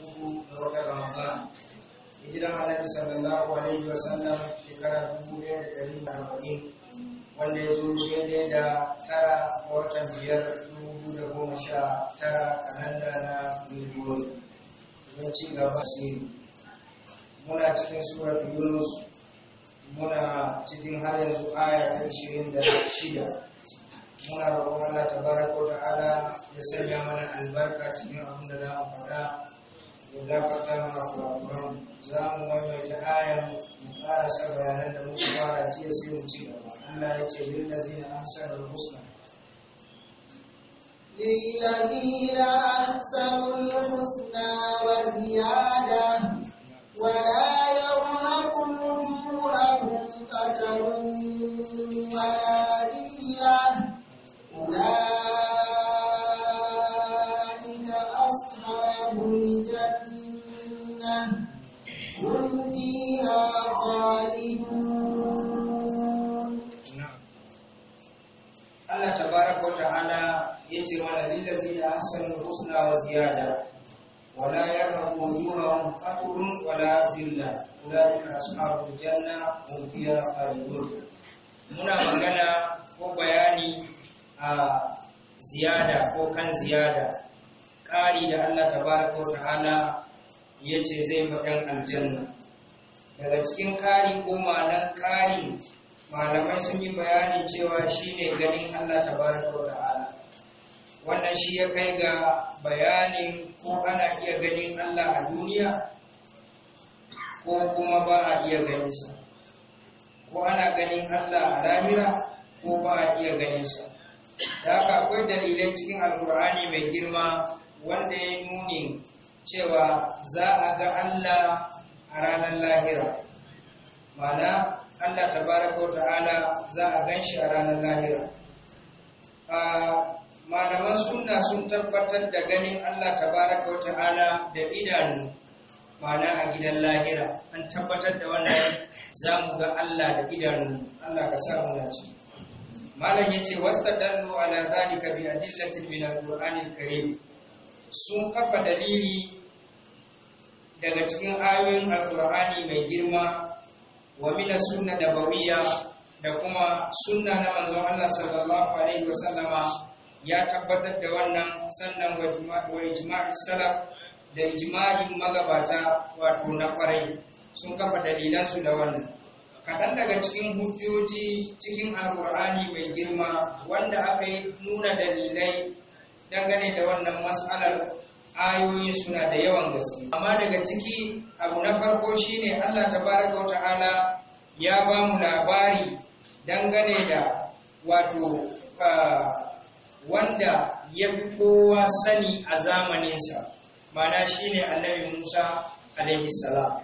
uku ga watan Ramadan. Hijiran Annabi sallallahu alaihi wa sallam shekara dubu da ɗari da arba'in wanda ya zo daidai da tara watan biyar dubu da goma sha tara kalanda na Miliyoyi. Don ci gaba Muna cikin Surat Yunus muna cikin har yanzu aya ta ishirin da shida. muna roƙon Allah tabaraka ta ta'ala ya sanya mana albarka cikin abin da za mu faɗa ya gafarta mana za mu maimaita ayan mu karasa bayanan da muka fara jiya sai mu ci gaba Allah ya ce lillazina ahsanul husna للذين أحسنوا الحسنى وزيادة ولا يرهق وجوههم قدر الحسنى وزيادة ولا يرهب وجوههم قتل ولا ذلة أولئك أصحاب janna هم فيها خالدون muna magana ko bayani a ziyada ko kan ziyada Kari da Allah tabaraka wa ta'ala ya ce zai faɗin aljanna daga cikin kari ko ma'anar kari, malamai sun yi bayani cewa shine ganin Allah tabaraka wa ta'ala wannan shi ya kai ga bayanin ko ana iya ganin Allah a duniya ko kuma ba a iya ganin sa, ko ana ganin Allah a lahira ko ba a iya ganin sa. da haka akwai dalilai cikin alkur'ani mai girma wanda ya nuni cewa za a ga Allah a ranar lahira mana Allah tabaraka ta'ala za a gan shi a ranar lahira ah, malaman sunna sun tabbatar da ganin Allah tabaraka wa ta'ala da idanu mana a gidan lahira an tabbatar da wannan zamu ga Allah da idanu Allah ka sa mu lafiya malam yace wastadallu ala zalika bi adillatin min alqur'anil karim sun kafa dalili daga cikin ayoyin alqur'ani mai girma wa min as-sunnah nabawiyya da kuma sunna na manzon Allah sallallahu alaihi wasallama ya tabbatar da wannan sannan wa jima'i salaf da ijma'in magabata wato na kwarai sun kafa dalilansu da wannan kaɗan daga cikin hujjoji cikin alkur'ani mai girma wanda aka yi nuna dalilai dangane da wannan matsalar ayoyi suna da yawan gaske amma daga ciki abu na farko shine Allah tabaraka wa ta'ala ya ba mu labari dangane da wato uh, wanda ya fi kowa sani a zamaninsa mana shine annabi Musa alaihi salam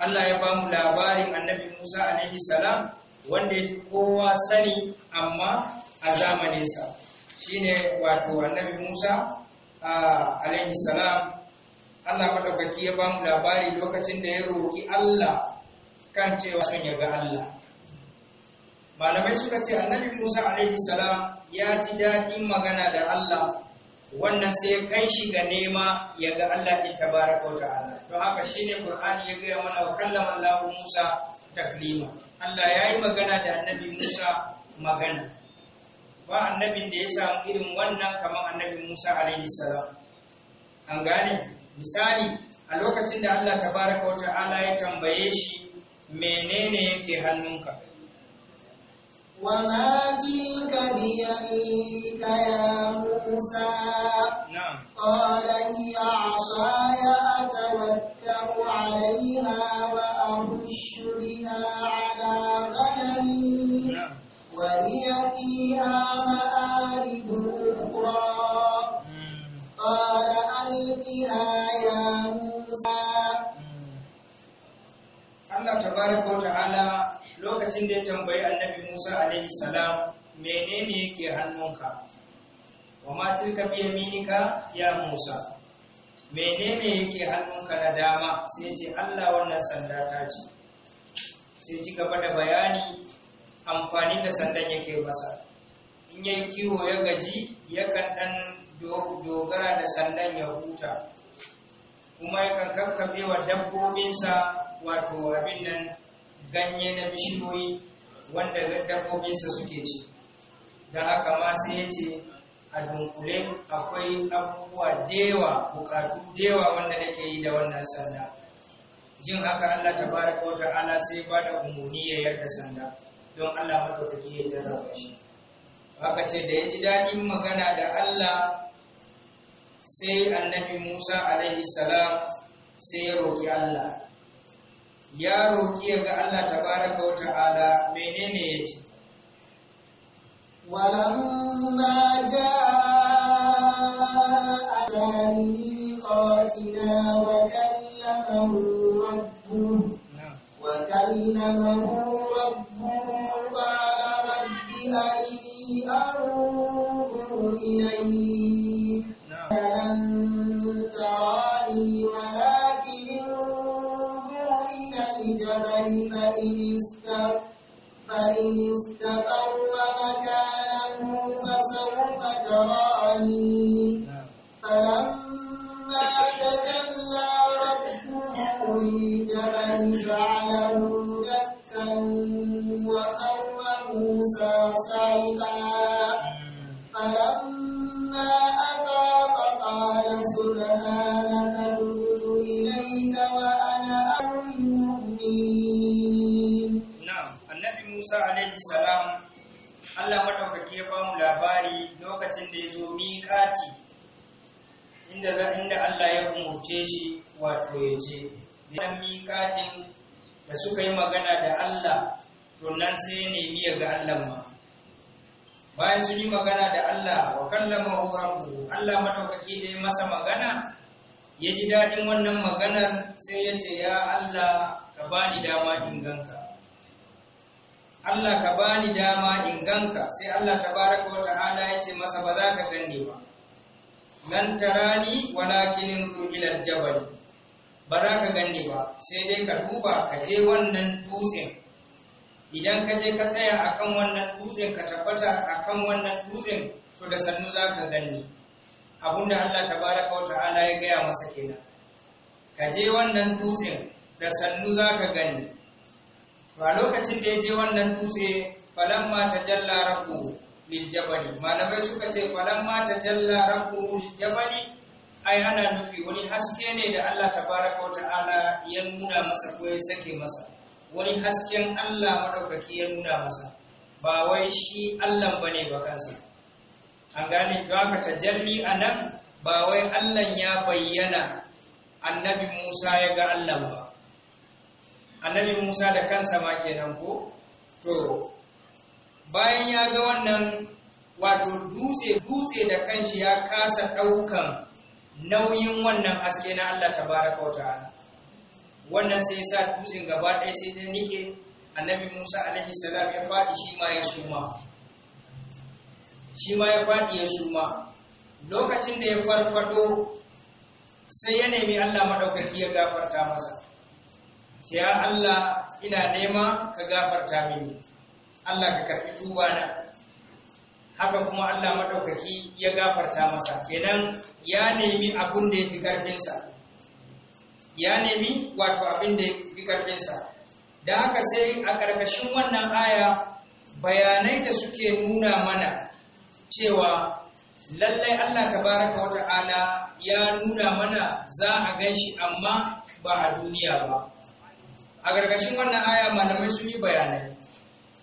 Allah ya bamu labarin annabi Musa alaihi salam wanda ya fi kowa sani amma a zamaninsa shine wato annabi Musa alaihi salam Allah madaukaki ya bamu labari lokacin da ya roki Allah kan cewa son ya ga Allah malamai suka ce annabi Musa alaihi salam ya ji daɗin magana da Allah wannan sai kai shi ga nema ya ga Allah ɗin tabaraka wa ta'ala to haka shine Qur'ani ya gaya mana wa kallama Allah Musa taklima Allah ya yi magana da annabi Musa magana ba annabin da ya samu irin wannan kamar annabi Musa alaihi salam an gane misali a lokacin da Allah tabaraka wa ta'ala ya tambaye shi menene yake hannunka wa بيمينك يا موسى نعم قال هي عصاي أتوكأ عليها وأهش بها على غنمي نعم ولي فيها مآرب أخرى قال ألقها يا موسى Allah tabaraka wa ta'ala lokacin da ya tambayi annabi Musa alaihi salam menene yake hannunka wa ma tilka bi yaminika ya Musa menene yake hannunka na dama sai ce Allah wannan sanda ta ce sai ci gaba da bayani amfani da sandan yake masa in yayi kiwo ya gaji yakan dan dogara da sandan ya huta kuma ya kan kakkabe wa dabbobinsa wato abin nan ganye na bishiyoyi wanda dabbobinsa suke ci da aka ma sai ya ce a dunkule akwai abubuwa dewa bukatu dewa wanda nake yi da wannan sanda jin haka Allah ta baraka wa ala sai ba da umuni ya yarda sanda don Allah madaukaki ya jarraba shi haka ce da ya ji daɗin magana da Allah sai annabi Musa alaihi salam sai ya roki Allah ya roki ga Allah tabaraka wa ta'ala menene ya ce ولما جاء أتاني ميقاتنا وكلمه ربه وكلمه ربه قال رب أرني أنظر إليك العالمين inda za inda Allah ya umurce shi wato ya je dan miƙatin da suka yi magana da Allah to nan sai ya nemi ga Allah ma bayan sun yi magana da Allah wa kallama rabbu Allah madaukaki dai masa magana ya ji daɗin wannan maganar sai ya ce ya Allah ka bani dama in ganka Allah ka bani dama in ganka sai Allah tabaraka wa ta'ala ya ce masa ba za ka ganni ba lan tarani walakin ku ila jabal ba za ka ganni ba sai dai ka duba ka je wannan dutsen idan ka je ka tsaya akan wannan dutsen ka tabbata akan wannan dutsen to da sannu za ka ganni abinda Allah tabaraka wa ta'ala ya gaya masa kenan ka je wannan dutsen da sannu za ka gani to a lokacin da ya je wannan dutse falamma tajalla rabbuhu liljabali malamai suka ce falamma tajalla rabbuhu liljabali ai ana nufi wani haske ne da Allah tabaraka wa ta'ala ya nuna masa ko ya sake masa wani hasken Allah madaukaki ya nuna masa ba wai shi Allah bane ba kansa an gane don haka tajalli anan ba wai Allah ya bayyana annabi Musa ya ga Allah ba annabi Musa da kansa ma kenan ko to bayan ya ga wannan wato dutse dutse da kanshi ya kasa ɗaukan nauyin wannan haske na Allah tabaraka wa ta'ala wannan sai sa dutsen gaba ɗaya sai ta nike annabi Musa alaihi salam ya faɗi shi ma ya suma shi ma ya faɗi ya suma lokacin da ya farfado sai ya nemi Allah maɗaukaki ya gafarta masa ya Allah ina nema ka gafarta mini Allah ka karfi tuba na haka kuma Allah maɗaukaki ya gafarta masa kenan ya nemi abin da yake karfin sa ya nemi wato abin da ya fi ƙarfinsa da haka sai a ƙarƙashin wannan aya bayanai da suke nuna mana cewa lallai Allah tabaraka Ta'ala ya nuna mana za a ganshi amma ba a duniya ba a ƙarƙashin wannan aya malamai sun yi bayanai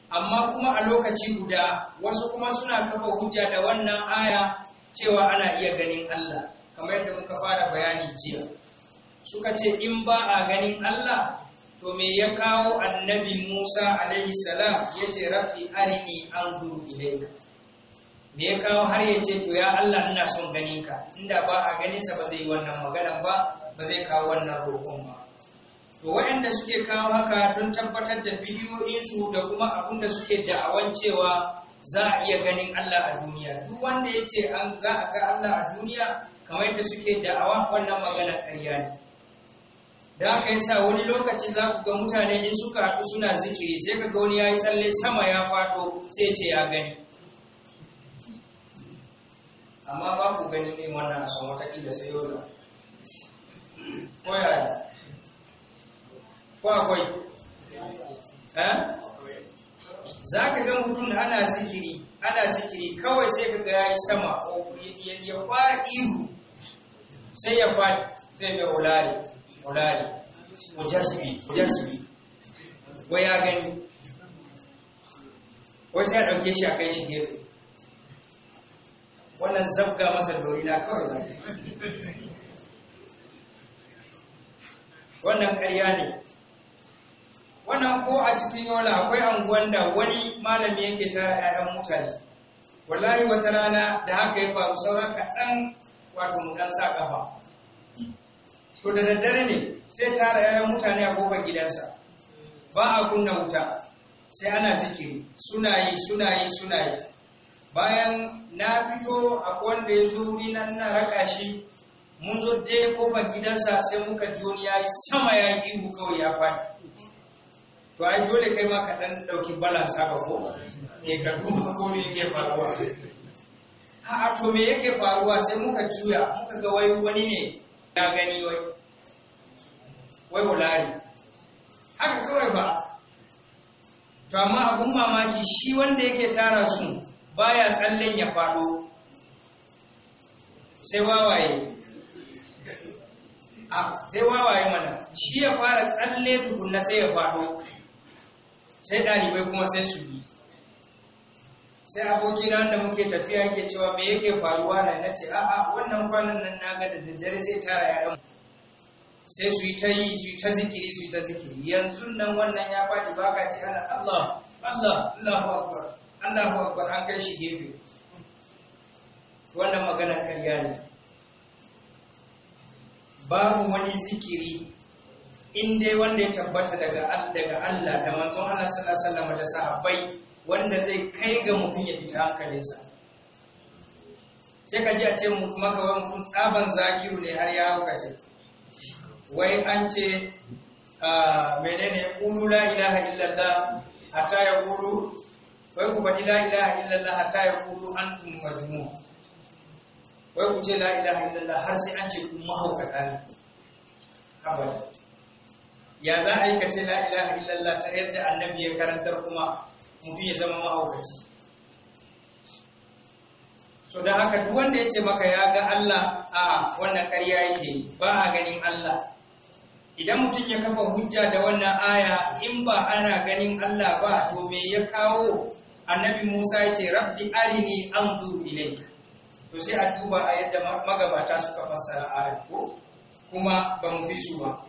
amma kuma a lokaci guda wasu kuma suna kafa hujja da wannan aya cewa ana iya ganin Allah kamar yadda muka fara bayani jiya suka ce in ba a ganin Allah to me ya kawo annabi Musa alaihi salam ya ce rabbi arini guru Ilaika? me ya kawo har ya ce to ya Allah ina son ganin ka inda ba a ganin sa ba zai yi wannan maganan ba ba zai kawo wannan roƙon ba to waɗanda suke kawo haka don tabbatar da bidiyoyinsu da kuma abin da suke da'awan cewa za a iya ganin Allah a duniya duk wanda ya ce an za a ga Allah a duniya kamar yadda suke da'awa wannan magana ƙarya ne da aka yasa wani lokaci za ku ga mutane in suka haɗu suna zikiri sai ka ga wani ya yi tsalle sama ya faɗo sai ce ya gani amma ba ku gani ne wannan a son wata sai yau da ko akwai eh zaka ga mutum da ana zikiri ana zikiri kawai sai ka ga sama ko ya ya fara ihu sai ya fadi sai ya ulali ulali mujasibi mujasibi wai ya gani wai sai ya ɗauke shi a kai shi gefe wannan zabga masa dori na kawai za wannan ƙarya ne wannan ko a cikin yola akwai anguwan da wani malami yake tara 'ya'yan mutane wallahi wata rana da haka ya faru sauran kaɗan wato mu dan sa kafa to da daddare ne sai tara 'ya'yan mutane a kofar gidansa ba a kunna wuta sai ana zikiri suna yi suna yi suna yi bayan na fito a wanda ya zo wuri na raka shi mun zo dai kofar gidansa sai muka ji wani ya yi sama ya yi ihu kawai ya faɗi to ai dole kai ma ka dan dauki balance haka ko eh ka duba ko me yake faruwa ha a to me yake faruwa sai muka juya muka ga wai wani ne ya gani wai wai ulari haka kawai ba to amma abun mamaki shi wanda yake tara su baya tsallen ya faɗo sai wawaye sai wawaye mana shi ya fara tsalle tukunna sai ya faɗo sai ɗalibai kuma sai su bi sai abokina da muke tafiya yake cewa me yake faruwa na nace a'a wannan kwanan nan naga da daddare sai tara yaran sai su yi ta yi su yi ta zikiri su yi ta zikiri yanzu nan wannan ya faɗi ka ji ana Allah Allah Allahu akbar Allahu akbar an kai shi gefe wannan magana karya ne babu wani zikiri in dai wanda ya tabbata daga daga Allah da manzon Allah sallallahu alaihi wasallam da sahabbai wanda zai kai ga mutum ya fita hankalinsa sai ka ji a ce maka wani mutum tsaban zakiru ne har ya haukace wai an ce ah, menene qulu la ilaha illallah hatta yaqulu wai ku faɗi la ilaha illallah hatta yaqulu antum majmu wai ku ce la ilaha illallah har sai an ce kun mahaukata ne abada ya za a yi ka ce la illallah ta yadda annabi ya karantar kuma mutum ya zama mahaukaci so da haka duk wanda ya ce maka ya ga Allah a wannan ƙarya yake ba a ganin Allah idan mutum ya kafa hujja da wannan aya in ba ana ganin Allah ba to me ya kawo annabi Musa ya ce rabbi arini anzu ilayka to sai a duba a yadda magabata suka fassara ayat ko kuma ba mu fi su ba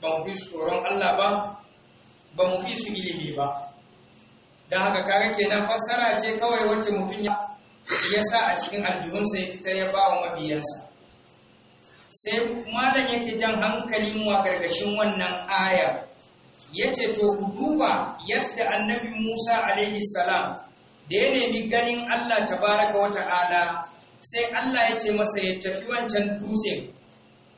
ba mu fi su tsoron Allah ba ba mu fi su ilimi ba don haka Kare kenan fassara ce kawai wacce mutum ya sa a cikin aljihunsa ya fitar ya ba wa mabiyansa sai malam yake jan hankali mu a gargashin wannan aya ya ce to ku duba yadda annabi musa alaihi salam da ya nemi ganin allah tabaraka wa ta'ala sai allah ya ce masa ya tafi wancan dutsen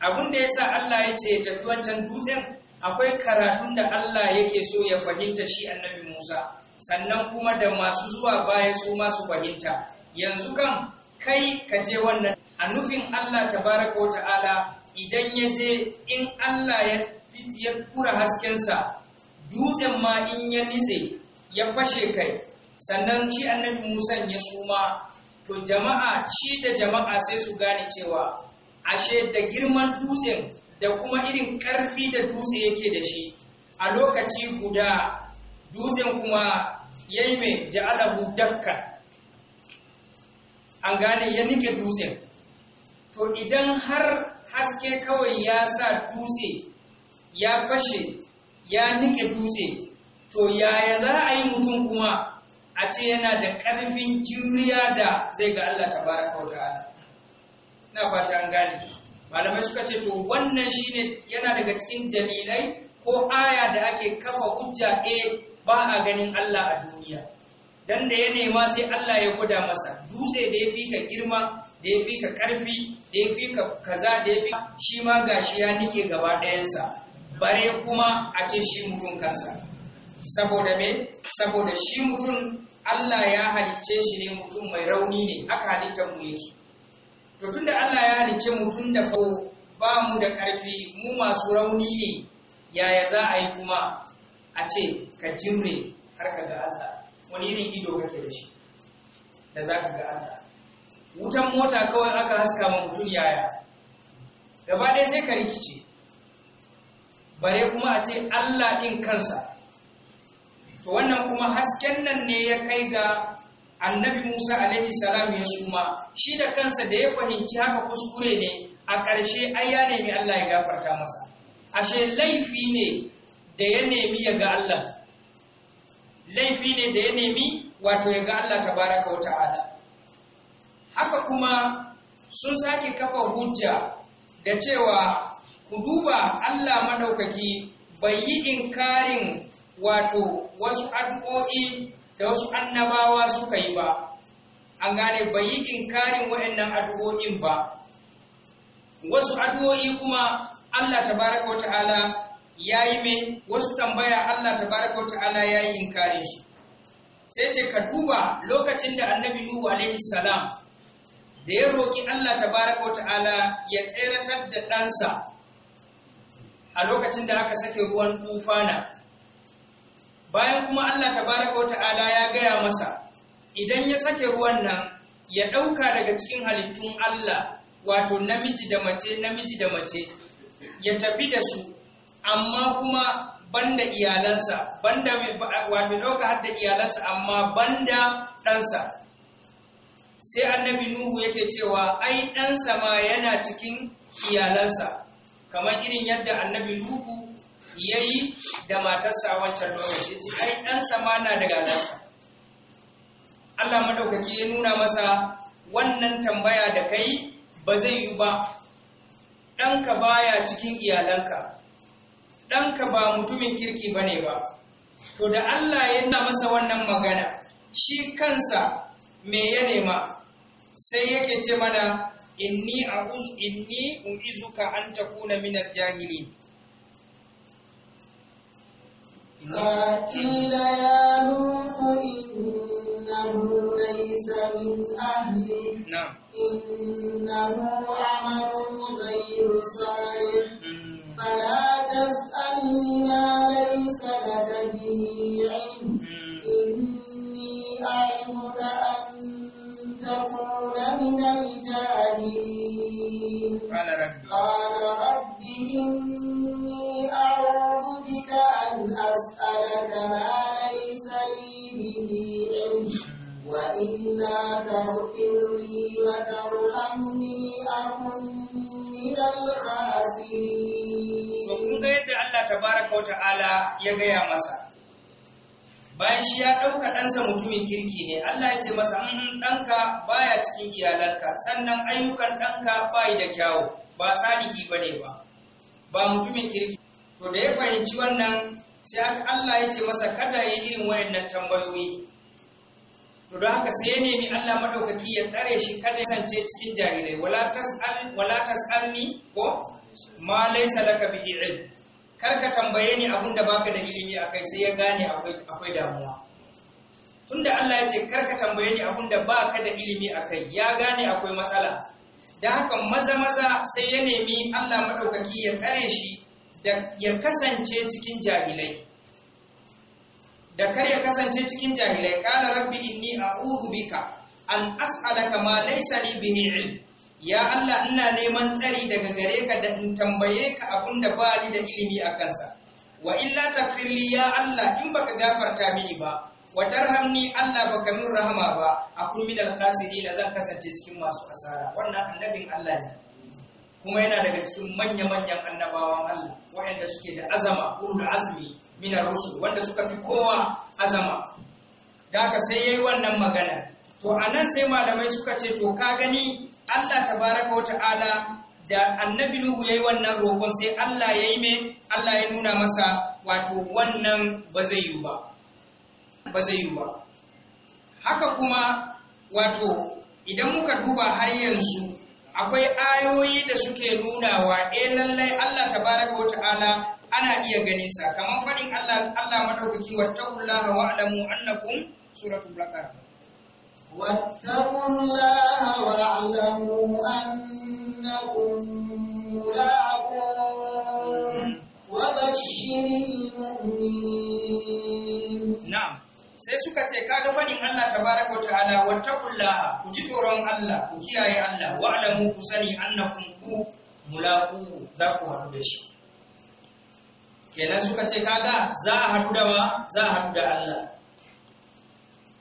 abun da ya sa Allah ya ce ya tafi wancan dutsen akwai karatun da Allah yake so ya fahimta shi annabi Musa sannan kuma da masu zuwa baya su masu fahimta yanzu kan kai ka je wannan a nufin Allah tabaraka wa ta'ala idan ya je in Allah ya ya kura haskensa dutsen ma in ya nitse ya fashe kai sannan shi annabi Musa ya suma to jama'a shi da jama'a sai su gane cewa ashe da girman dutsen da kuma irin ƙarfi da dutse yake da shi a lokaci guda dutsen kuma ya yi mai ja'alahu dakka an gane ya nike dutsen to idan har haske kawai ya sa dutse ya fashe ya nike dutse to yaya za a yi mutum kuma a ce yana da ƙarfin juriya da zai ga Allah baraka wa ta'ala ina fata an gane malamai suka ce to wannan shine yana daga cikin dalilai ko aya da ake kafa hujja e ba a ganin Allah a duniya dan da ya nema sai Allah ya guda masa dutse da ya fi ka girma da ya fi ka karfi da ya fi ka kaza da ya fi shi ma gashi ya nike gaba ɗayansa bare kuma a ce shi mutum kansa saboda me saboda shi mutum Allah ya halicce shi ne mutum mai rauni ne aka halitta mu yake to tunda Allah ya halice mu tun da farko ba mu da ƙarfi mu masu rauni ne yaya za a yi kuma a ce ka jimre har ka ga Allah wani irin ido kake da shi da za ka ga Allah wutan mota kawai aka haska ma mutum yaya gaba ɗaya sai ka rikice bare kuma a ce Allah ɗin kansa to wannan kuma hasken nan ne ya kai ga annabi Musa alaihi salam ya suma shi da kansa da ya fahimci haka kuskure ne a ƙarshe ai ya nemi Allah ya gafarta masa ashe laifi ne da ya nemi ya ga Allah laifi ne da ya nemi wato ya ga Allah tabaraka wa ta'ala haka kuma sun sake kafa hujja da cewa ku duba Allah madaukaki bai yi inkarin wato wasu addu'o'i da wasu annabawa suka yi ba an gane bai yi inkarin waɗannan addu'o'in ba wasu addu'o'i kuma Allah tabaraka ta'ala ya yi mai wasu tambaya Allah tabaraka ta'ala ya yi inkarin su sai ce ka duba lokacin da annabi Nuhu alaihi salam da ya roƙi Allah tabaraka ta'ala ya tseratar da ɗansa a lokacin da aka sake ruwan tufana bayan kuma Allah tabaraka ta'ala ya gaya masa idan ya sake ruwan nan ya ɗauka daga cikin halittun Allah wato namiji da mace namiji da mace ya tafi da su amma kuma banda iyalansa banda wato ɗauka har da iyalansa amma banda ɗansa sai annabi nuhu yake cewa ai ɗansa ma yana cikin iyalansa kamar irin yadda annabi nuhu ya yi da matarsa wancan lokaci ce ai ɗansa ma na da Allah madaukaki ya nuna masa wannan tambaya da kai ba zai yi ba ɗanka baya cikin iyalanka ɗanka ba mutumin kirki ba ne ba to da Allah ya nuna masa wannan magana shi kansa me ya nema sai yake ce mana inni a inni u'izuka an takuna minar jahili قيل يا نوح إنه ليس من أهلك نعم إنه عمل غير صالح فلا تسألني ما ليس لك به علم إني أعظك أن تكون من الجاهلين قال رب إني ما ليس لي به علم وإلا تغفر لي وترحمني أكن من ga yadda Allah tabaraka wa ta'ala ya gaya masa bayan shi ya ɗauka ɗansa mutumin kirki ne Allah ya ce masa in mm, mm, ɗanka baya cikin iyalanka sannan ayyukan ɗanka bayi da kyawu ba salihi ba ne ba ba mutumin kirki to da ya fahimci wannan sai Allah ya ce masa kada ya yi irin wayannan tambayoyi to don haka sai ya nemi Allah madaukaki ya tsare shi kada ya sance cikin jarirai wala tas'al wala tas'alni ko ma laysa laka bi ilm kar ka tambaye ni abin da baka da ilimi akai sai ya gane akwai akwai damuwa tunda Allah ya ce kar ka tambaye ni abin da baka da ilimi akai ya gane akwai matsala dan haka maza maza sai ya nemi Allah madaukaki ya tsare shi da ya kasance cikin jahilai da kar ya kasance cikin jahilai qala rabbi inni a'udhu bika an as'alaka ma laysa li bihi ilm ya Allah ina neman tsari daga gare ka da in tambaye ka abin da ba ni da ilimi a kansa wa illa li ya Allah in baka gafarta mini ba wa tarhamni Allah baka min rahama ba akun min al-khasirin zan kasance cikin masu asara wannan annabin Allah ne kuma yana daga cikin manya-manyan annabawan Allah waɗanda suke da azama ulul da azumi minar rusul wanda suka fi kowa azama da aka sai yayi wannan magana to anan sai malamai suka ce to ka gani Allah tabaraka wa ta'ala da annabi Nuhu yayi wannan roƙon sai Allah yayi me Allah ya nuna masa wato wannan ba zai yi ba ba zai yi ba haka kuma wato idan muka duba har yanzu akwai ayoyi da suke nunawa eh lallai Allah tabaraka wa ta'ala ana iya ganin sa kamar fadin Allah Allah madaukaki wa alamu annakum suratul baqara wattaqullaha wa'lamu annakum mulaqun hmm. wa bashshiril mu'minin na'am sai suka ce ka ga fadin Allah tabaraka wa ta'ala wattaqullaha ku ji tsoron Allah ku kiyaye Allah wa alamu ku sani annakum ku mulaqu za ku haɗu da shi kenan suka ce kaga za a haɗu da wa za a haɗu da Allah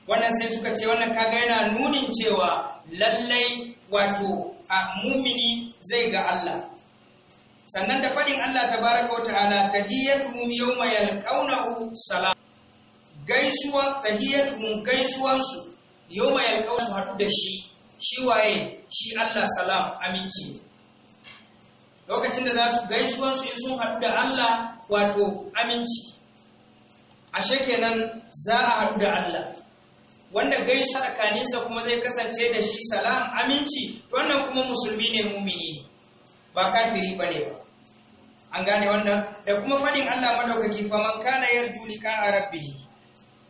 wannan sai suka ce wannan kaga yana nunin cewa lallai wato a mumini zai ga Allah sannan da fadin Allah tabaraka wa ta'ala tahiyyatuhum yawma yalqawnahu salam gaisuwa tahiyatuhum gaisuwansu yawma yalqawsu hadu da shi shi waye shi Allah salam aminci ne lokacin da za su gaisuwansu in sun hadu da Allah wato aminci ashe kenan za a hadu da Allah wanda gaisa tsakaninsa kuma zai kasance da shi salam aminci wannan kuma musulmi ne mumini ne ba kafiri bane ba an gane wannan da kuma fadin Allah madaukaki faman kana yarju liqa rabbih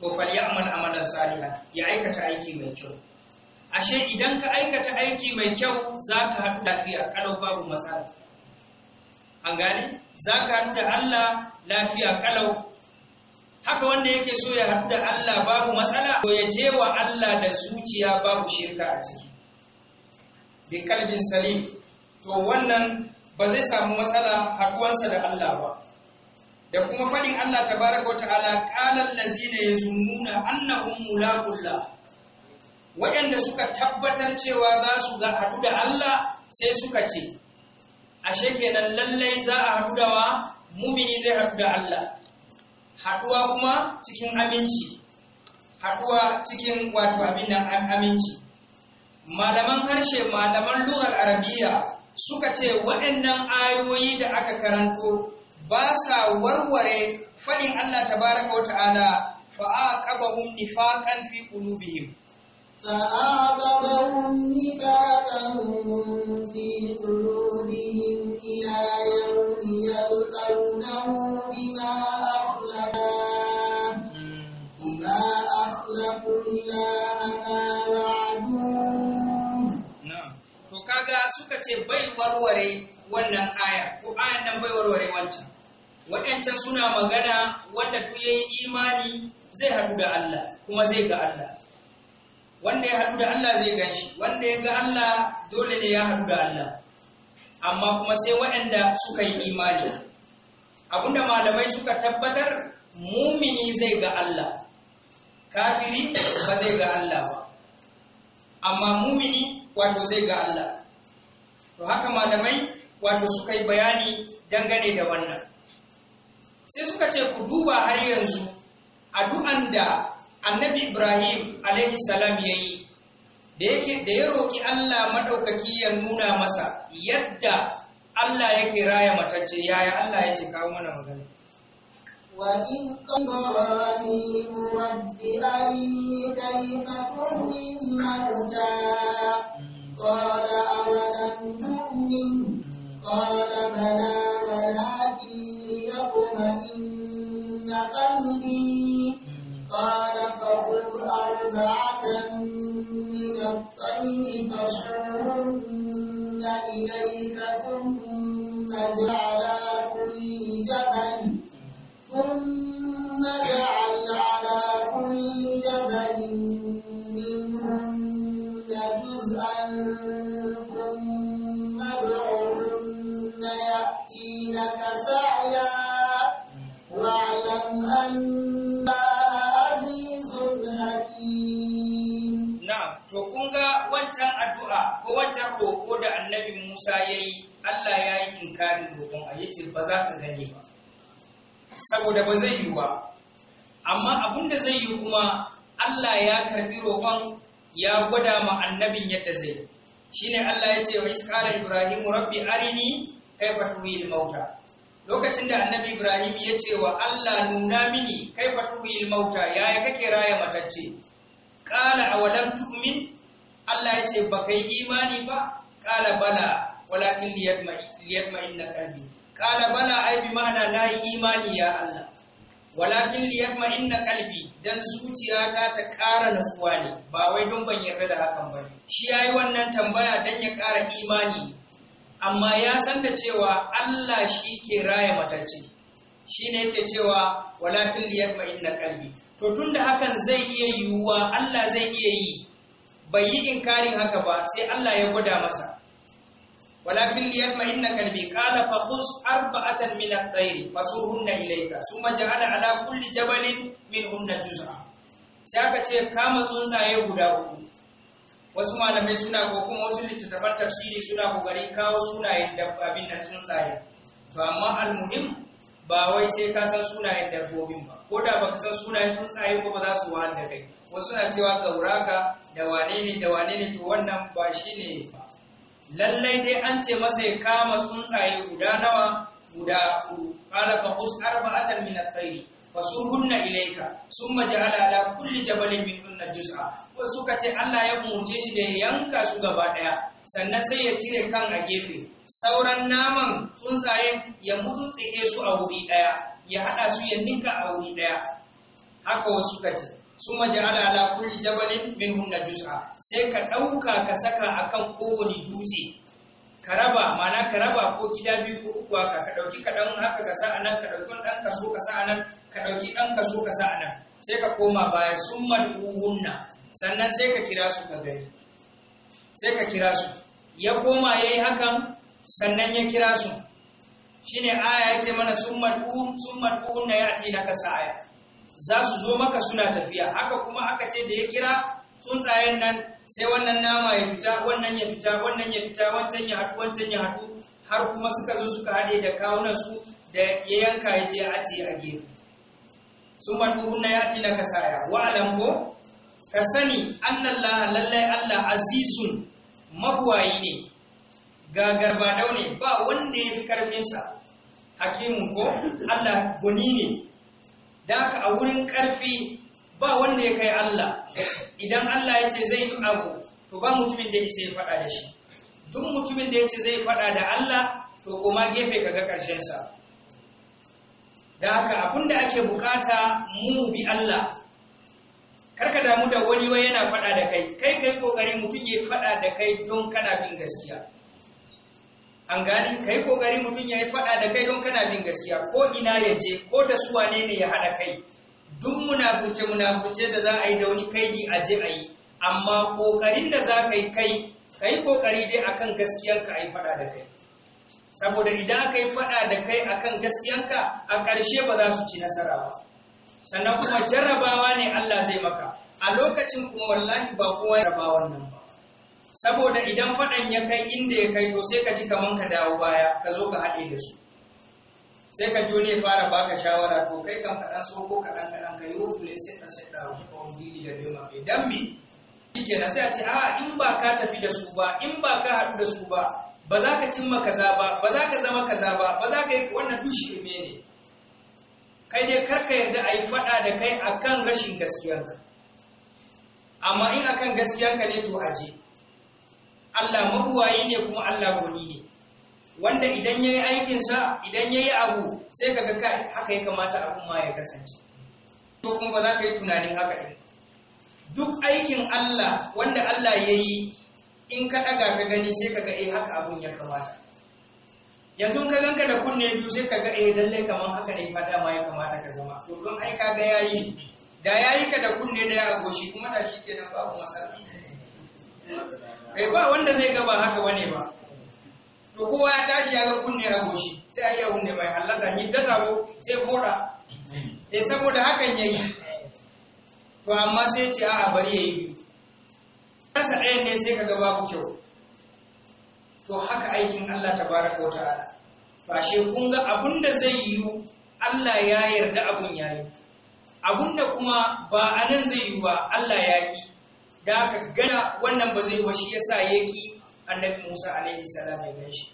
to falyamal amalan salihan ya aikata aiki mai kyau ashe idan ka aikata aiki mai kyau zaka haɗu lafiya kalau babu matsala an gane zaka haɗu da Allah lafiya kalau haka wanda yake so ya haɗu da Allah babu matsala to ya je wa Allah da zuciya babu shirka a ciki bi kalbin salim to wannan ba zai samu matsala haɗuwarsa da Allah ba da kuma faɗin Allah tabaraka wata'ala qalal ladzina yazunnuna annahum mulaqullah waɗanda suka tabbatar cewa za su ga haɗu da Allah sai suka ce ashe kenan lallai za a haɗu da wa mumini zai haɗu da Allah haɗuwa kuma cikin aminci haɗuwa cikin wato abin nan aminci malaman harshe malaman lugar arabiya suka ce waɗannan ayoyi da aka karanto ba sa warware fadin Allah ta bara kawata ala fa’a ƙaba hun nifa ƙanfi ƙunu biyu. Sa’a ƙaba hun nifa ƙanfi ƙunu biyu ina yau ya lukaru Ina a ƙulaku ila haka wa'adu. to kaga suka ce bai warware wannan aya ko ayan nan bai warware wancan waɗancan suna magana wanda duk yayi imani zai haɗu da Allah kuma zai ga Allah wanda ya haɗu da Allah zai ganshi wanda ya ga Allah dole ne ya haɗu da Allah amma kuma sai waɗanda suka yi imani abinda malamai suka tabbatar mumini zai ga Allah kafiri ba zai ga Allah ba amma mumini wato zai ga Allah to haka malamai wato suka yi bayani dangane da wannan sai suka ce ku duba har yanzu du'an da annabi ibrahim alaihi salam ya yi da ya roƙi allah maɗaukaki ya nuna masa yadda allah yake raya matacce yaya allah ya ce kawo mana magana إبراهيم رب أرني قال أولم تؤمن قال بلى ولكن ليطمئن قلبي قال فخذ أربعة من الطير addu'a ko wancan roƙo da annabi Musa ya yi Allah ya yi inkarin roƙon a yace ba za ka gani ba saboda ba zai yi ba amma abin da zai yi kuma Allah ya karbi roƙon ya gwada ma annabin yadda zai yi shine Allah ya ce wa iskala ibrahim rabbi arini kaifa tuhil mauta lokacin da annabi ibrahim ya ce wa Allah nuna mini kaifa tuhil mauta yaya kake raya matacce qala awalam tu'min Allah ya ce ba yi imani ba kala bala walakin liyatma'inna kalbi Kala bala ai bi ma'ana nayi imani ya Allah walakin liyatma'inna kalbi dan zuciyata ta kara natsuwa ne ba wai don ban yarda da hakan ba shi yayi wannan tambaya dan ya ƙara imani amma ya san da cewa Allah shi ke raya matacce shi ne yake cewa walakin liyatma'inna kalbi to tunda hakan zai iya yiwuwa Allah zai iya yi bai yi inkarin haka ba sai Allah ya gwada masa walakin ma inna kalbi qala fa qus arba'atan min at-tayr fasuhunna ilayka summa ja'ala ala kulli jabalin minhunna juz'a sai aka ce kama tsuntsaye guda uku wasu malamai suna ko kuma wasu littattafan tafsiri suna kokarin kawo sunayen dabbabin da tsuntsaye to amma almuhim ba wai sai ka san sunayen dabbobin ba ko da baka san sunayen tsuntsaye ko ba za su wani kai wasu na cewa gauraka da wane ne da wane ne to wannan ba shi ne ba lallai dai an ce masa ya kama tsuntsaye guda nawa guda uku qala fa us arba'atan min at-tayr fasurhunna ilayka summa ja'ala ala kulli jabalin kunna juz'a ko suka ce Allah ya muje shi da yanka su gaba daya sannan sai ya cire kan a gefe sauran naman tsuntsaye ya tsike su a wuri ɗaya ya haɗa su ya nika a wuri ɗaya haka wasu ka ce su maji ala kulli jabalin hunna jusa sai ka ɗauka ka saka akan kowane dutse ka raba ma'ana ka raba ko gida biyu ko uku haka ka ɗauki kaɗan haka ka sa anan ka ɗauki ka so ka sa anan ka ɗauki ka so ka sa anan sai ka koma baya summal uhunna, sannan sai ka kira su ka gani sai ka kira su ya koma ya yi hakan sannan ya kira su shi ne aya ya ce mana sun mal'uhun na ya ce na kasa aya za su zo maka suna tafiya haka kuma aka ce da ya kira tsuntsayen nan sai wannan nama ya fita wannan ya fita wannan ya fita wancan ya haɗu wancan ya haɗu har kuma suka zo suka haɗe da kawunan su da ya yanka ya je ajiye a gefe sun mal'uhun na ya ce na kasa aya ko ka sani annallaha lallai Allah azizun mabuwayi ne Ga ba ba wanda ya fi karfinsa hakimun ko Allah goni ne da haka a wurin karfi ba wanda ya kai Allah idan Allah ya ce zai yi abu to ba mutumin da isa ya faɗa da shi duk mutumin da ya ce zai faɗa da Allah to koma gefe ka ga sa. da haka abinda ake bukata mu bi Allah kar ka damu da wani wai yana faɗa da kai kai kai kokari mutum ya faɗa da kai don kana bin gaskiya an gani kai kokari mutum ya yi faɗa da kai don kana bin gaskiya ko ina ya je ko da su wane ne ya haɗa kai duk muna munafuce da za a yi da wani kai ne a je a yi amma kokarin da za ka yi kai ka kokari dai akan gaskiyarka a yi faɗa da kai saboda idan aka yi faɗa da kai akan gaskiyanka a ƙarshe ba za su ci nasara ba sannan kuma jarrabawa ne Allah zai maka a lokacin kuma wallahi ba kowa ya nan ba saboda idan faɗan ya kai inda ya kai to sai ka ji kaman ka dawo baya ka zo ka haɗe da su sai ka jo ne fara baka shawara to kai kan faɗa so ko kaɗan kaɗan ka yi ne sai ka sai ko gidi da nema mai dan me shikenan sai a ce a in ba ka tafi da su ba in ba ka haɗu da su ba ba za ka cimma kaza ba ba za ka zama kaza ba ba za ka yi wannan dushi ne kai dai karka yarda a yi faɗa da kai akan rashin gaskiyarka amma in akan gaskiyarka ne to aje Allah mabuwayi ne kuma Allah goni ne wanda idan ya yi aikinsa, idan ya yi abu sai kaga kai haka ya kamata abun ma ya kasance to kuma ba za ka yi tunanin haka din duk aikin Allah wanda Allah ya yi in ka ɗaga ka gani sai kaga eh haka abun ya kamata yanzu ka ganka da kunne biyu sai ka ga eh lalle kaman haka ne fa dama ya kamata ka zama to don ai ka ga yayi da yayi ka da kunne daya a goshi kuma da shi kenan babu matsala eh ba wanda zai ga ba haka bane ba to kowa ya tashi ya ga kunne a goshi sai ai ya hunde mai hallaka ni da tabo sai boda eh saboda hakan yayi to amma sai ce a'a bari yayi kasa ɗayan ne sai ka ga babu kyau to haka aikin Allah ta ta wata ala, ba shi kun ga da zai yiwu Allah ya yarda abun abin da kuma ba a nan zai yiwu ba Allah ya ki da aka gana wannan ba zai washi yasa ya ki annabi Musa alaihi salam ya gaishe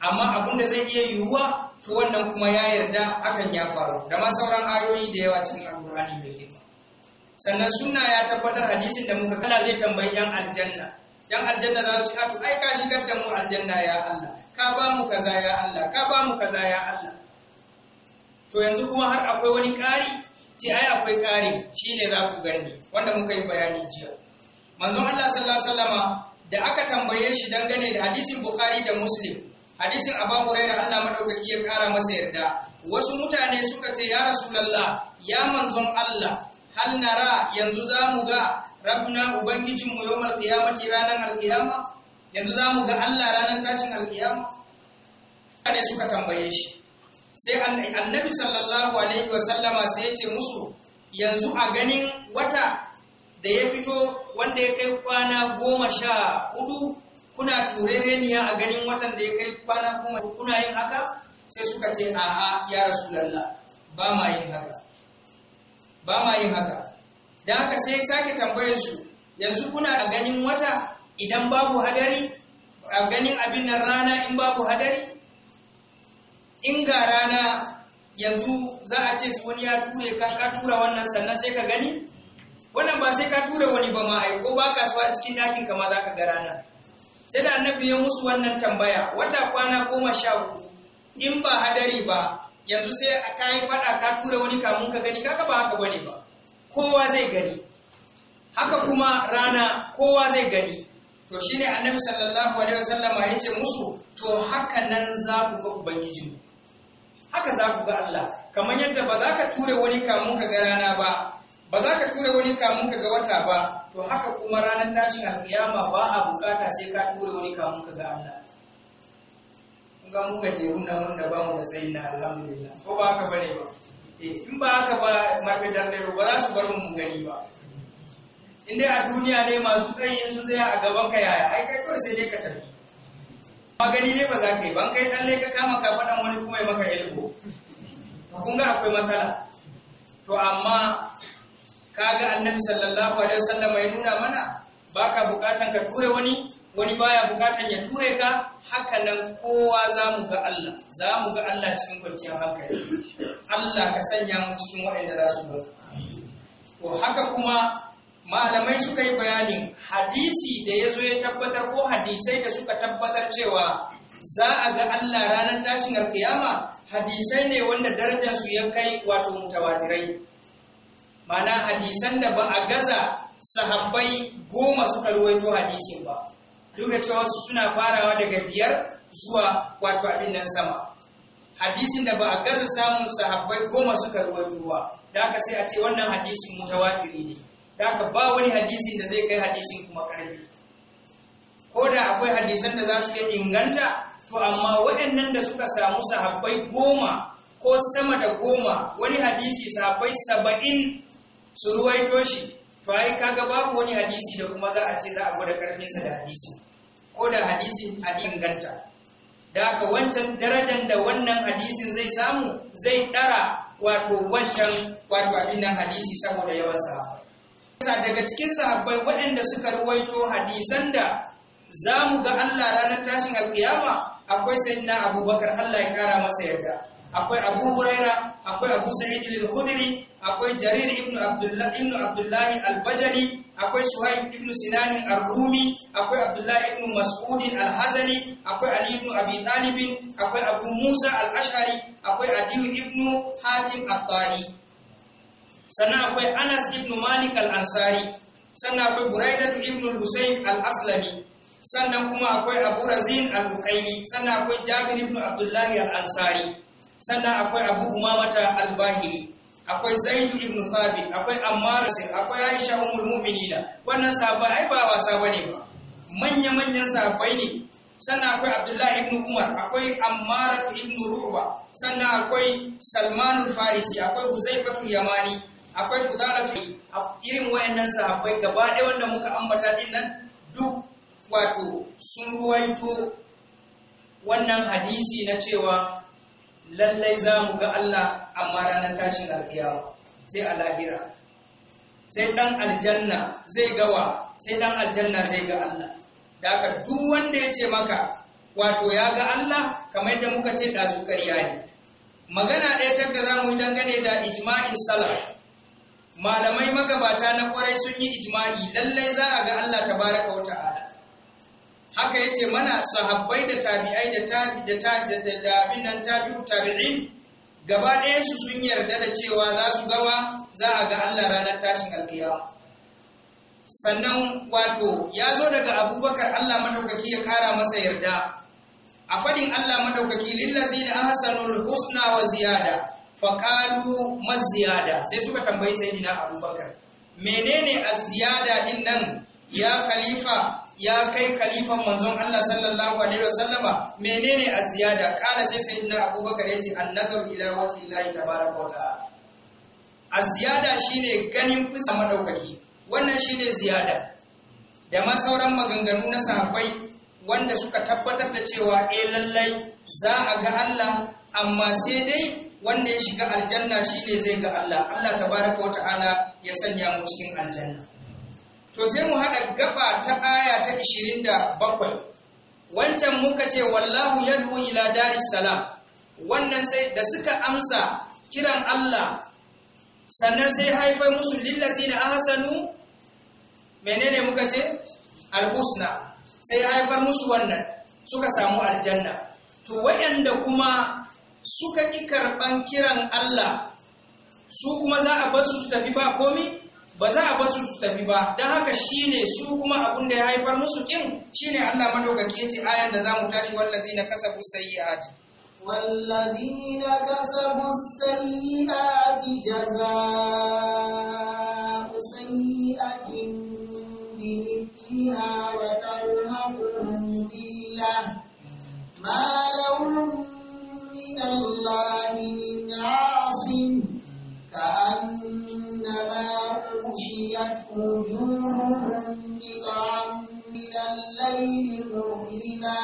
amma da zai iya yiwuwa to wannan kuma ya yarda hakan ya faru da ma sauran ayoyi da yawa cikin alkur'ani mai girma sannan sunna ya tabbatar hadisin da muka kala zai tambayi yan aljanna yan aljanna za su ce to ai ka shigar da mu aljanna ya Allah ka ba mu kaza ya Allah ka ba mu kaza ya Allah to yanzu kuma har akwai wani ƙari ce ai akwai ƙari shine za ku gani wanda muka yi bayani jiya manzon Allah sallallahu alaihi wasallama da aka tambaye shi dangane da hadisin Bukhari da Muslim hadisin Abu Hurairah Allah madaukaki ya kara masa yarda wasu mutane suka ce ya Rasulullah ya manzon Allah hal nara yanzu za mu ga rabbuna ubangijinmu yawmal qiyamati ranar alqiyama yanzu zamu ga Allah ranar tashin alqiyama ne suka tambaye shi sai annabi sallallahu alaihi wa sallama sai ya ce musu yanzu a ganin wata da ya fito wanda ya kai kwana goma sha hudu kuna turereniya a ganin watan da ya kai kwana goma kuna yin haka sai suka ce a'a ya rasulallah ba ma yin haka ba ma yin haka da haka sai sake tambayarsu su yanzu kuna a ganin wata idan babu hadari a ganin abin nan rana in babu hadari in ga rana yanzu za a ce wani ya ture ka tura wannan sannan sai ka gani wannan ba sai ka tura wani ba ma ai ko ba kasuwa cikin ɗakin ka ma za ka ga rana sai da annabi ya musu wannan tambaya wata kwana goma sha in ba hadari ba yanzu sai a yi faɗa ka tura wani kamun ka gani kaga ba haka bane ba kowa zai gani haka kuma rana kowa zai gani to shi ne annabi sallallahu alaihi sallama ya ce musu to haka nan za ku ga ubangiji haka za ku ga Allah kamar yadda ba za ka ture wani kamun ka ga rana ba ba za ka ture wani kamun ka ga wata ba to haka kuma ranar tashin alkiyama ba a bukata sai ka ture wani kamun ka ga Allah kun ga mu gajerun nan wanda ba mu da sayi na alhamdulillah ko ba haka bane ba Eh, in ba haka ba mafi dandaro ba za su bar mu gani ba in dai a duniya ne masu ɗanyen su zai a gaban ka yaya ai kai kawai sai dai ka tafi magani ne ba za ka yi ban kai tsalle ka kama ka faɗan wani kuma ya maka ilko kun ga akwai matsala to amma kaga annabi sallallahu alaihi wasallam ya nuna mana baka bukatan ka ture wani wani baya bukatan ya ture ka haka nan kowa za mu ga Allah za mu ga Allah cikin kwanciyar hankali Allah ka sanya mu cikin waɗanda za su mutu to haka kuma malamai suka yi bayani hadisi da ya zo ya tabbatar ko hadisai da suka tabbatar cewa za a ga Allah ranar tashin alkiyama hadisai ne wanda su ya kai wato mutawatirai mana hadisan da ba a gaza sahabbai goma suka ruwaito hadisin ba duk da cewa suna farawa daga biyar zuwa wato abin nan sama hadisin da ba a gaza samun sahabbai goma suka ruwaito ba da aka sai a ce wannan hadisin mutawatiri ne da aka ba wani hadisin da zai kai hadisin kuma karfi ko da akwai hadisan da za su iya inganta to amma waɗannan da suka samu sahabbai goma ko sama da goma wani hadisi sahabbai saba'in su ruwaito shi to ai kaga babu wani hadisi da kuma za a ce za a gwada karfinsa da hadisi ko da hadisin a inganta da aka wancan darajar da wannan hadisin zai samu zai ɗara wato wancan wato abin nan hadisi saboda yawan sahabbai daga cikin sahabbai waɗanda suka ruwaito hadisan da za mu ga Allah ranar tashin alkiyama akwai sayyidina abubakar Allah ya kara masa yarda akwai abu huraira akwai abu sa'id al-khudri akwai jarir ibn abdullah ibn abdullahi al-bajali akwai suhaib ibn sinan ar-rumi akwai abdullah ibn mas'ud al-hazali akwai ali ibn abi talib akwai abu musa al-ash'ari akwai adiyu ibn hatim at sannan akwai anas ibn malik al-ansari sannan akwai buraidatu ibn al-husayn al-aslami sannan kuma akwai abu razin al-uqayli sannan akwai jabir ibn abdullahi al-ansari sannan akwai abu umamata al-bahili akwai zaidu ibn Thabit akwai Ammar sai akwai Aisha ummul mu'minina wannan sahabbai ai ba wasa bane ba manya manyan sahabbai ne sannan akwai Abdullahi ibn Umar akwai Ammar ibn Ruba sannan akwai Salman farisi akwai Huzaifatul Yamani akwai Fudalah irin wayannan sahabbai gaba ɗaya wanda muka ambata din nan duk wato sun ruwaito wannan hadisi na cewa lallai za mu ga Allah amma ranar tashin alkiyama sai a lahira sai dan aljanna zai gawa sai dan aljanna zai ga Allah da aka duk wanda ya ce maka wato ya ga Allah kamar da muka ce da su ƙarya ne magana ɗaya ta da za mu yi dangane da ijma'in salaf malamai magabata na kwarai sun yi ijma'i lallai za a ga Allah tabaraka wa ta'ala haka yace mana sahabbai da tabi'ai da tabi'i da tabi'i da abin nan tabi'u tabi'in gaba ɗayan su sun yarda da cewa za su gawa za a ga Allah ranar tashin alkiyama sannan wato ya zo daga abubakar Allah madaukaki ya kara masa yarda a fadin Allah madaukaki da ahsanul husna wa ziyada qalu maziyada sai suka tambayi sayyidina abubakar menene aziyada din nan ya khalifa ya kai khalifan manzon Allah sallallahu alaihi wasallama menene a ziyada kana sai sayyidina Abubakar yace an ila wajhillahi tabaraka wa ta'ala a ziyada shine ganin fusa madaukaki wannan shine ziyada da ma sauran maganganu na sahabbai wanda suka tabbatar da cewa eh lallai za a ga Allah amma sai dai wanda ya shiga aljanna shine zai ga Allah Allah tabaraka wa ta'ala ya sanya mu cikin aljanna to sai mu haɗa gaba ta aya ta da bakwai, wancan muka ce wallahu yad'u ila daris salam wannan sai da suka amsa kiran Allah sannan sai haifai musu na ahasanu, menene muka ce alhusna sai haifar musu wannan suka samu aljanna to waɗanda kuma suka ƙi karɓan kiran Allah su kuma za a basu su tafi ba komi ba za a basu su tafi ba don haka shine su kuma abun da ya haifar musu kin shine Allah madaukaki yace ayan da zamu tashi wallazina kasabu sayyi'at wallazina kasabu sayyi'at jazaa'u sayyi'atin bimithliha wa tarhaquhum billah ma lahum min Allah min 'asim ka'an وغشيت وجوههم قطعا من الليل مظلما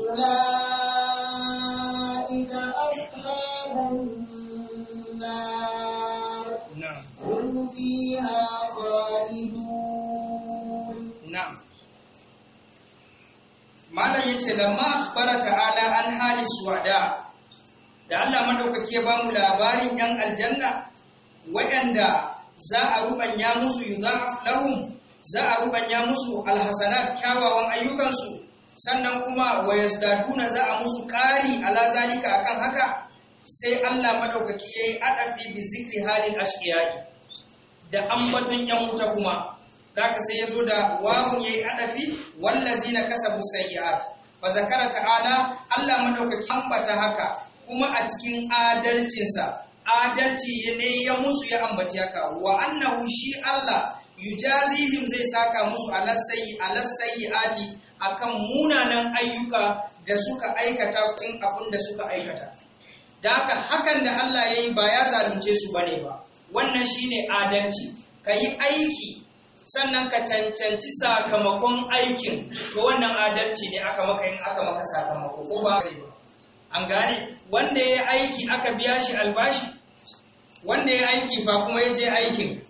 أولئك أصحاب النار هم فيها خالدون نعم malam ya ce lamma ta'ala an hali suwada da Allah madaukaki ya bamu labarin yan aljanna waɗanda za a rubanya musu yudha'af lahum za a rubanya musu alhasanat kyawawan ayyukansu sannan kuma wa yazdaduna za a musu ƙari ala zalika akan haka sai Allah madaukaki yayi adafi bi zikri halin ashqiyai da batun yan wuta kuma zaka sai yazo da wawun yayi adafi wallazina kasabu sayyi'at fa zakara ta'ala Allah madaukaki ambata haka kuma a cikin adalcinsa adalci ne ya musu ya ambaci haka wa annahu shi Allah yujazihim zai saka musu alassayi alassayi ati akan munanan ayyuka da suka aikata tun abin da suka aikata da haka hakan da Allah ya yi ba ya zalunce su bane ba wannan shine adalci ka yi aiki sannan ka cancanci sakamakon aikin to wannan adalci ne aka maka yin aka maka sakamako ko ba an gane wanda ya yi aiki aka biya shi albashi wanda ya aiki fa kuma ya je aikin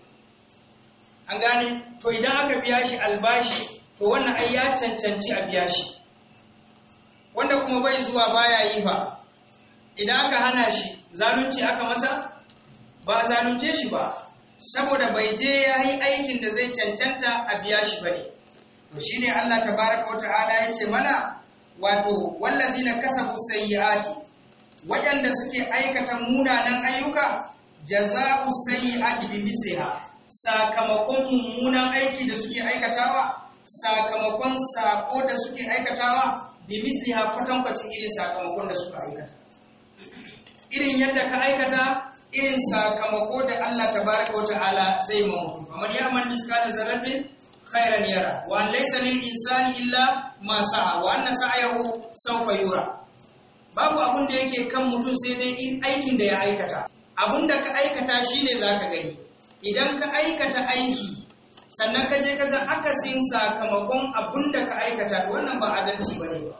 an gane to idan aka biya shi albashi to wannan ai ya cancanci a biya shi wanda kuma bai zuwa baya yi ba idan aka hana shi zalunci aka masa ba zalunce shi ba saboda bai je ya yi aikin da zai cancanta a biya shi ba ne to shi ne allah baraka wa ta'ala ya ce mana wato wallazi na kasafu sayyi'ati waɗanda suke aikata munanan ayyuka jaza'u sayyi'ati bi misliha sakamakon mummunan aiki da suke aikatawa sakamakon sako da suke aikatawa bi misliha kwatankwacin irin sakamakon da suka aikata irin yadda ka aikata irin sakamako da Allah tabaraka Ta'ala zai ma mutum kamar ya man da zarratin khairan yara wa an laysa lil insani illa ma sa'a wa anna sa'yahu sawfa yura babu abun da yake kan mutum sai dai in aikin da ya aikata Abin da ka aikata shi ne za ka gani idan ka aikata aiki sannan ka je kaga akasin sakamakon abin da ka aikata wannan ba adalci ba ne.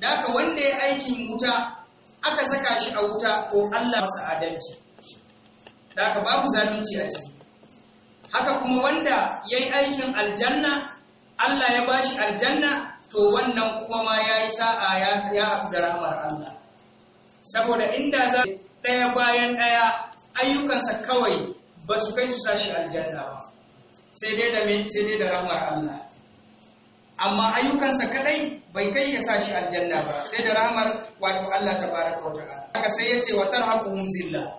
Da ka wanda ya aikin wuta aka saka shi a wuta ko Allah masa adalci Da ka babu zalunci a ciki haka kuma wanda ya yi aikin aljanna Allah ya bashi aljanna to wannan kuma ma ya yi sa'a ya da ramar Allah saboda inda za ɗaya bayan ɗaya ayyukansa kawai ba su kai su sashi aljanna ba sai dai da me sai dai da rahmar Allah amma ayyukansa kadai bai kai ya sashi aljanna ba sai da rahmar wato Allah tabaraka wa ta'ala haka sai yace wa tarhaquhum zilla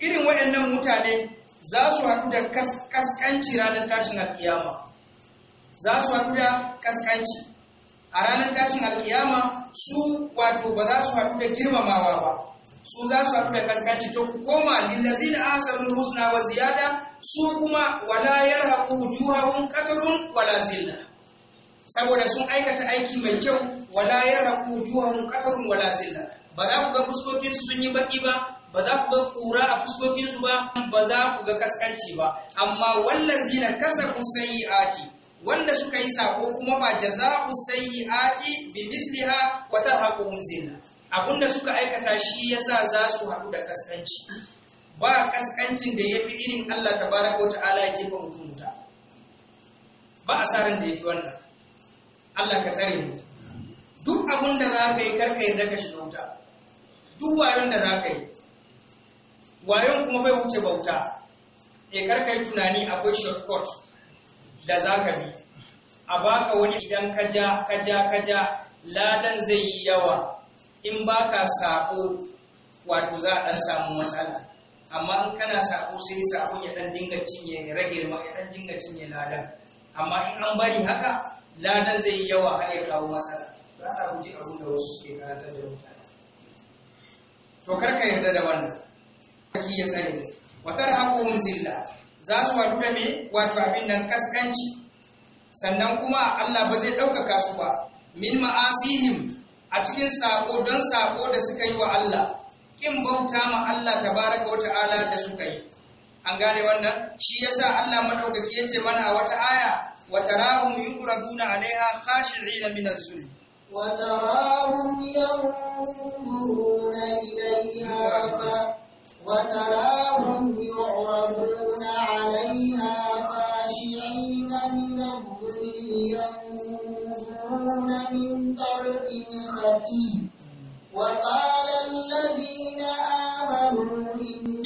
irin waɗannan mutane za su haɗu da kaskanci ranar tashin alkiyama za su haɗu da kaskanci a ranar tashin alkiyama su wato ba za su haɗu da girmamawa ba su za su haɗu da kaskanci to ku koma lillazina ahsanul husna wa ziyada su kuma wala juha wujuhahum katarun wala zilla saboda sun aikata aiki mai kyau wala juha wujuhahum katarun wala zilla ba za ku ga fuskokinsu sun yi baki ba ba za ku ga kura a fuskokinsu ba ba za ku ga kaskanci ba amma kasa ku kasabu aji. wanda suka yi sako kuma ba ku sayi sayyi'ati bi misliha wata tarhaquhum zilla abinda suka aikata shi yasa za su haɗu da kaskanci ba kaskancin da ya fi irin Allah tabaraka wa ta'ala ya jefa mutum ta ba sarin da ya fi wannan Allah ka tsare mu duk abinda za ka yi karkai da ka shiga wuta duk wayon da za ka yi wayon kuma bai wuce bauta e eh, karkai yi tunani akwai shortcut da za ka bi a baka wani idan kaja, kaja, kaja, ladan zai yi yawa in ba ka sabo wato za a ɗan samu matsala amma in kana sabo sai sabon ya ɗan dinga cinye ya rage ma ya ɗan dinga cinye ladan amma in an bari haka ladan zai yi yawa har ya kawo matsala ba a guji abin da wasu suke karantar da mutane to kar ka yarda da wannan kaki ya tsare watar haƙoƙin zilla za su wato da me wato abin nan kaskanci sannan kuma Allah ba zai ɗaukaka su ba min ma'asihim a cikin sako don sako da suka yi wa Allah kin bauta ma Allah tabaraka wa ta'ala da suka yi an gane wannan shi yasa Allah madaukaki ce mana a wata aya wa tarahum yuqraduna 'alaiha khashi'ina min az-zulm wa tarahum yanzuruna ilayha fa wa tarahum yu'raduna 'alaiha khashi'ina min az-zulm يأتون من طرف خفي وقال الذين آمنوا إن